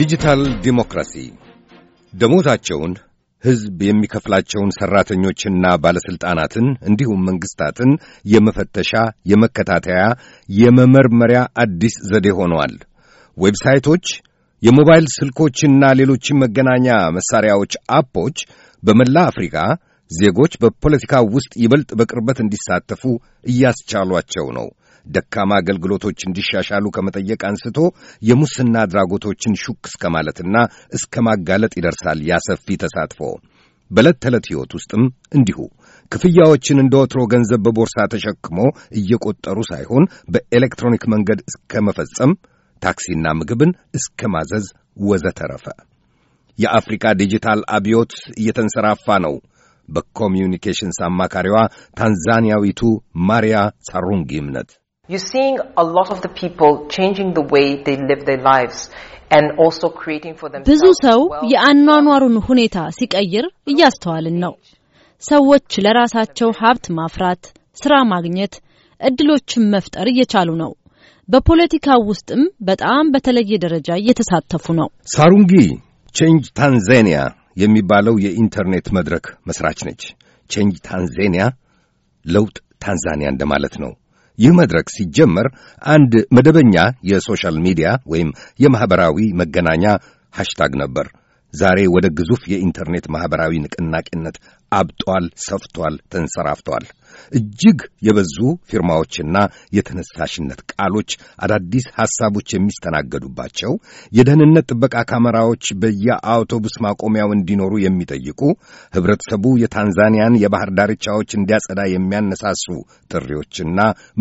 ዲጂታል ዲሞክራሲ ደሞዛቸውን ሕዝብ የሚከፍላቸውን ሠራተኞችና ባለሥልጣናትን እንዲሁም መንግሥታትን የመፈተሻ፣ የመከታተያ፣ የመመርመሪያ አዲስ ዘዴ ሆነዋል። ዌብሳይቶች፣ የሞባይል ስልኮችና ሌሎችም መገናኛ መሣሪያዎች አፖች በመላ አፍሪካ ዜጎች በፖለቲካ ውስጥ ይበልጥ በቅርበት እንዲሳተፉ እያስቻሏቸው ነው። ደካማ አገልግሎቶች እንዲሻሻሉ ከመጠየቅ አንስቶ የሙስና አድራጎቶችን ሹክ እስከ ማለትና እስከ ማጋለጥ ይደርሳል ያሰፊ ተሳትፎ። በዕለት ተዕለት ሕይወት ውስጥም እንዲሁ ክፍያዎችን እንደ ወትሮ ገንዘብ በቦርሳ ተሸክሞ እየቆጠሩ ሳይሆን በኤሌክትሮኒክ መንገድ እስከ መፈጸም፣ ታክሲና ምግብን እስከ ማዘዝ ወዘተረፈ። የአፍሪካ ዲጂታል አብዮት እየተንሰራፋ ነው። በኮሚዩኒኬሽንስ አማካሪዋ ታንዛኒያዊቱ ማሪያ ሳሩንጊ እምነት You're seeing a lot of the people changing the way they live their lives. and also creating for themselves. ብዙ ሰው የአኗኗሩን ሁኔታ ሲቀይር እያስተዋልን ነው። ሰዎች ለራሳቸው ሀብት ማፍራት፣ ስራ ማግኘት፣ እድሎችን መፍጠር እየቻሉ ነው። በፖለቲካው ውስጥም በጣም በተለየ ደረጃ እየተሳተፉ ነው። ሳሩንጊ ቼንጅ ታንዛኒያ የሚባለው የኢንተርኔት መድረክ መስራች ነች። ቼንጅ ታንዛኒያ ለውጥ ታንዛኒያ እንደማለት ነው። ይህ መድረክ ሲጀመር አንድ መደበኛ የሶሻል ሚዲያ ወይም የማኅበራዊ መገናኛ ሃሽታግ ነበር። ዛሬ ወደ ግዙፍ የኢንተርኔት ማኅበራዊ ንቅናቄነት አብጧል፣ ሰፍቷል፣ ተንሰራፍቷል። እጅግ የበዙ ፊርማዎችና የተነሳሽነት ቃሎች፣ አዳዲስ ሐሳቦች የሚስተናገዱባቸው የደህንነት ጥበቃ ካሜራዎች በየአውቶቡስ ማቆሚያው እንዲኖሩ የሚጠይቁ ኅብረተሰቡ የታንዛኒያን የባሕር ዳርቻዎች እንዲያጸዳ የሚያነሳሱ ጥሪዎችና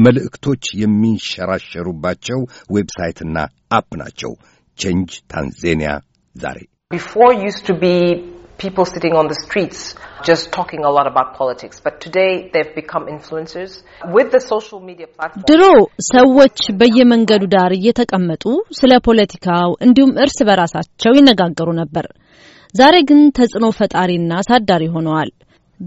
መልእክቶች የሚንሸራሸሩባቸው ዌብሳይትና አፕ ናቸው ቼንጅ ታንዛኒያ ዛሬ Before used to be people sitting on the streets just talking a lot about politics, but today they've become influencers with the social media platform. ድሮ ሰዎች በየመንገዱ ዳር እየተቀመጡ ስለ ፖለቲካው እንዲሁም እርስ በራሳቸው ይነጋገሩ ነበር። ዛሬ ግን ተጽዕኖ ፈጣሪና አሳዳሪ ሆነዋል።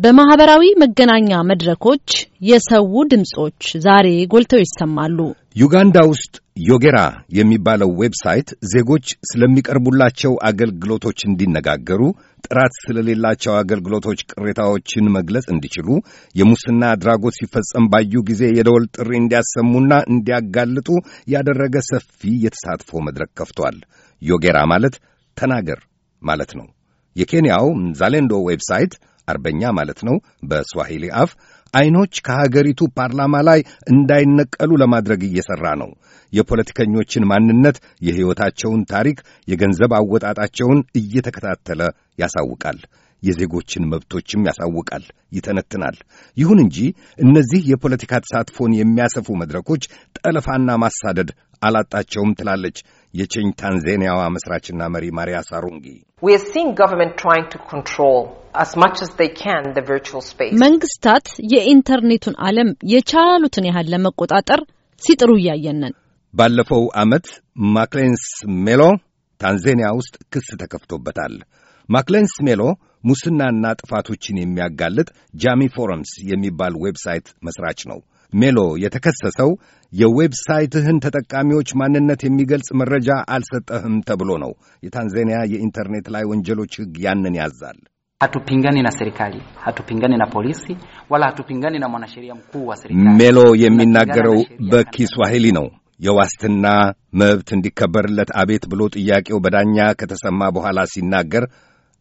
በማህበራዊ መገናኛ መድረኮች የሰው ድምጾች ዛሬ ጎልተው ይሰማሉ። ዩጋንዳ ውስጥ ዮጌራ የሚባለው ዌብሳይት ዜጎች ስለሚቀርቡላቸው አገልግሎቶች እንዲነጋገሩ፣ ጥራት ስለሌላቸው አገልግሎቶች ቅሬታዎችን መግለጽ እንዲችሉ፣ የሙስና አድራጎት ሲፈጸም ባዩ ጊዜ የደወል ጥሪ እንዲያሰሙና እንዲያጋልጡ ያደረገ ሰፊ የተሳትፎ መድረክ ከፍቷል። ዮጌራ ማለት ተናገር ማለት ነው። የኬንያው ዛሌንዶ ዌብሳይት አርበኛ ማለት ነው በስዋሂሊ አፍ አይኖች ከሀገሪቱ ፓርላማ ላይ እንዳይነቀሉ ለማድረግ እየሠራ ነው። የፖለቲከኞችን ማንነት፣ የሕይወታቸውን ታሪክ፣ የገንዘብ አወጣጣቸውን እየተከታተለ ያሳውቃል። የዜጎችን መብቶችም ያሳውቃል፣ ይተነትናል። ይሁን እንጂ እነዚህ የፖለቲካ ተሳትፎን የሚያሰፉ መድረኮች ጠለፋና ማሳደድ አላጣቸውም ትላለች የቼኝ ታንዛኒያዋ መስራችና መሪ ማሪያ ሳሩንጊ። መንግስታት የኢንተርኔቱን ዓለም የቻሉትን ያህል ለመቆጣጠር ሲጥሩ እያየነን። ባለፈው ዓመት ማክሌንስ ሜሎ ታንዛኒያ ውስጥ ክስ ተከፍቶበታል። ማክሌንስ ሜሎ ሙስናና ጥፋቶችን የሚያጋልጥ ጃሚ ፎረምስ የሚባል ዌብሳይት መስራች ነው። ሜሎ የተከሰሰው የዌብሳይትህን ተጠቃሚዎች ማንነት የሚገልጽ መረጃ አልሰጠህም ተብሎ ነው። የታንዛኒያ የኢንተርኔት ላይ ወንጀሎች ሕግ ያንን ያዛል። hatupingani na serikali hatupingani na polisi wala hatupingani na mwanasheria mkuu wa serikali ሜሎ የሚናገረው በኪስዋሂሊ ነው። የዋስትና መብት እንዲከበርለት አቤት ብሎ ጥያቄው በዳኛ ከተሰማ በኋላ ሲናገር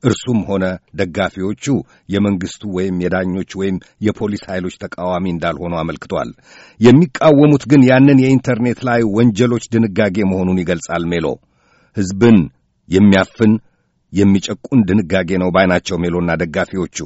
እርሱም ሆነ ደጋፊዎቹ የመንግሥቱ ወይም የዳኞች ወይም የፖሊስ ኃይሎች ተቃዋሚ እንዳልሆኑ አመልክቷል። የሚቃወሙት ግን ያንን የኢንተርኔት ላይ ወንጀሎች ድንጋጌ መሆኑን ይገልጻል። ሜሎ ሕዝብን የሚያፍን የሚጨቁን ድንጋጌ ነው ባይናቸው። ሜሎና ደጋፊዎቹ።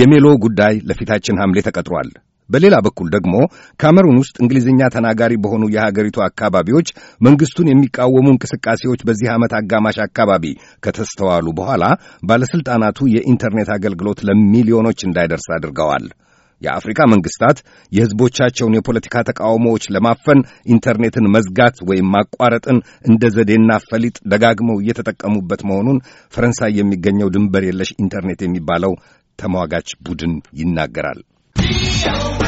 የሜሎ ጉዳይ ለፊታችን ሐምሌ ተቀጥሯል። በሌላ በኩል ደግሞ ካሜሩን ውስጥ እንግሊዝኛ ተናጋሪ በሆኑ የሀገሪቱ አካባቢዎች መንግስቱን የሚቃወሙ እንቅስቃሴዎች በዚህ ዓመት አጋማሽ አካባቢ ከተስተዋሉ በኋላ ባለሥልጣናቱ የኢንተርኔት አገልግሎት ለሚሊዮኖች እንዳይደርስ አድርገዋል። የአፍሪካ መንግስታት የሕዝቦቻቸውን የፖለቲካ ተቃውሞዎች ለማፈን ኢንተርኔትን መዝጋት ወይም ማቋረጥን እንደ ዘዴና ፈሊጥ ደጋግመው እየተጠቀሙበት መሆኑን ፈረንሳይ የሚገኘው ድንበር የለሽ ኢንተርኔት የሚባለው ተሟጋች ቡድን ይናገራል። Show.